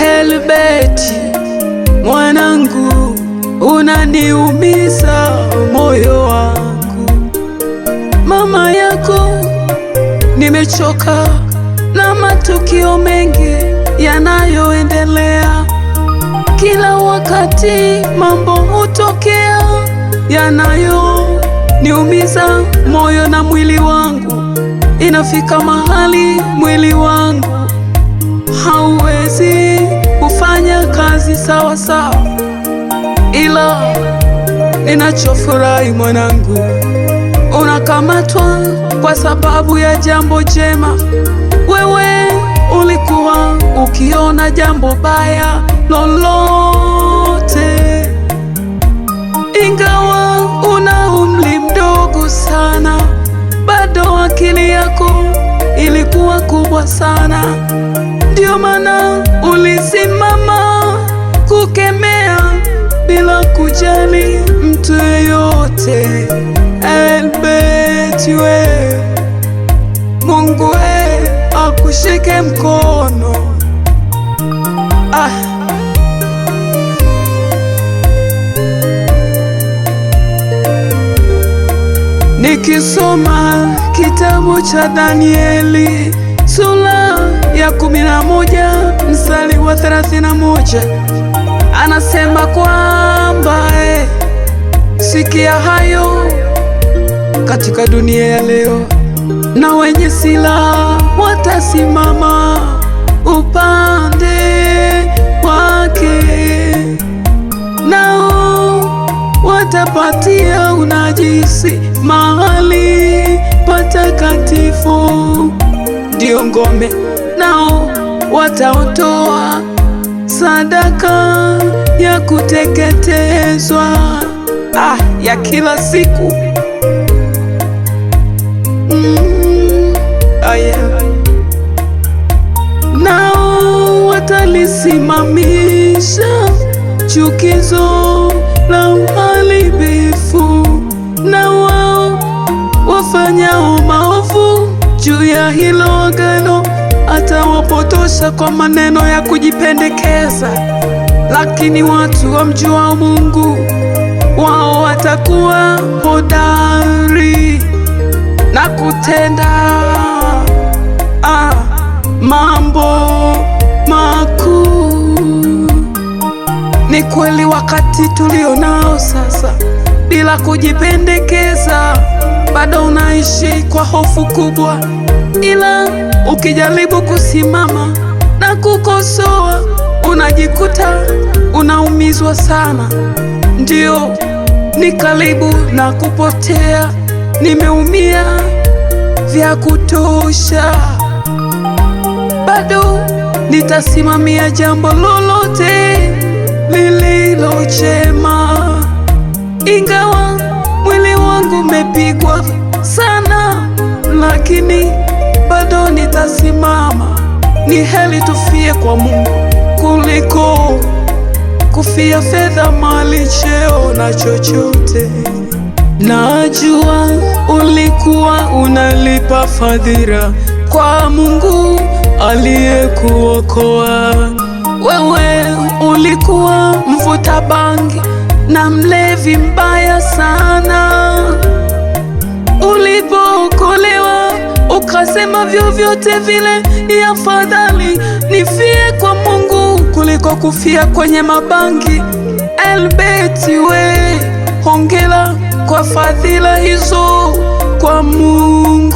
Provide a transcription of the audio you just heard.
Helbeti, mwanangu, unaniumiza moyo wangu. Mama yako nimechoka na matukio mengi yanayoendelea kila wakati, mambo hutokea yanayoniumiza moyo na mwili wangu. Inafika mahali mwili wangu hauwezi Tunafanya kazi sawa sawa, ila ninachofurahi mwanangu, unakamatwa kwa sababu ya jambo jema. Wewe ulikuwa ukiona jambo baya lolote, ingawa una umri mdogo sana, bado akili yako ilikuwa kubwa sana, ndio maana yote Elbeti we Mungu we akushike mkono ah. Nikisoma kitabu cha Danieli sura ya kumi na moja mstari wa thelathini na moja anasema kwamba kusikia hayo katika dunia ya leo, na wenye silaha watasimama upande wake, nao watapatia unajisi mahali patakatifu, ndio ngome, nao wataotoa sadaka ya kuteketezwa masaa ya kila siku mm, oh, Nao watalisimamisha chukizo la uharibifu, na wao wafanyao maovu juu ya hilo agano atawapotosha kwa maneno ya kujipendekeza, lakini watu wamjuao Mungu nitakuwa hodari na kutenda ah, mambo makuu. Ni kweli wakati tulio nao sasa, bila kujipendekeza, bado unaishi kwa hofu kubwa, ila ukijaribu kusimama na kukosoa unajikuta unaumizwa sana, ndio ni karibu na kupotea, nimeumia vya kutosha, bado nitasimamia jambo lolote lililo jema, ingawa mwili wangu umepigwa sana, lakini bado nitasimama. Ni heri tufie kwa Mungu kuliko kufia fedha, mali, cheo na chochote. Najua ulikuwa unalipa fadhila kwa Mungu aliyekuokoa wewe. Ulikuwa mvuta bangi na mlevi mbaya sana. Ulipookolewa ukasema, vyovyote vile, ya fadhali nifie kwa kuliko kufia kwenye mabangi. Elbeti we, hongela kwa fadhila hizo kwa Mungu.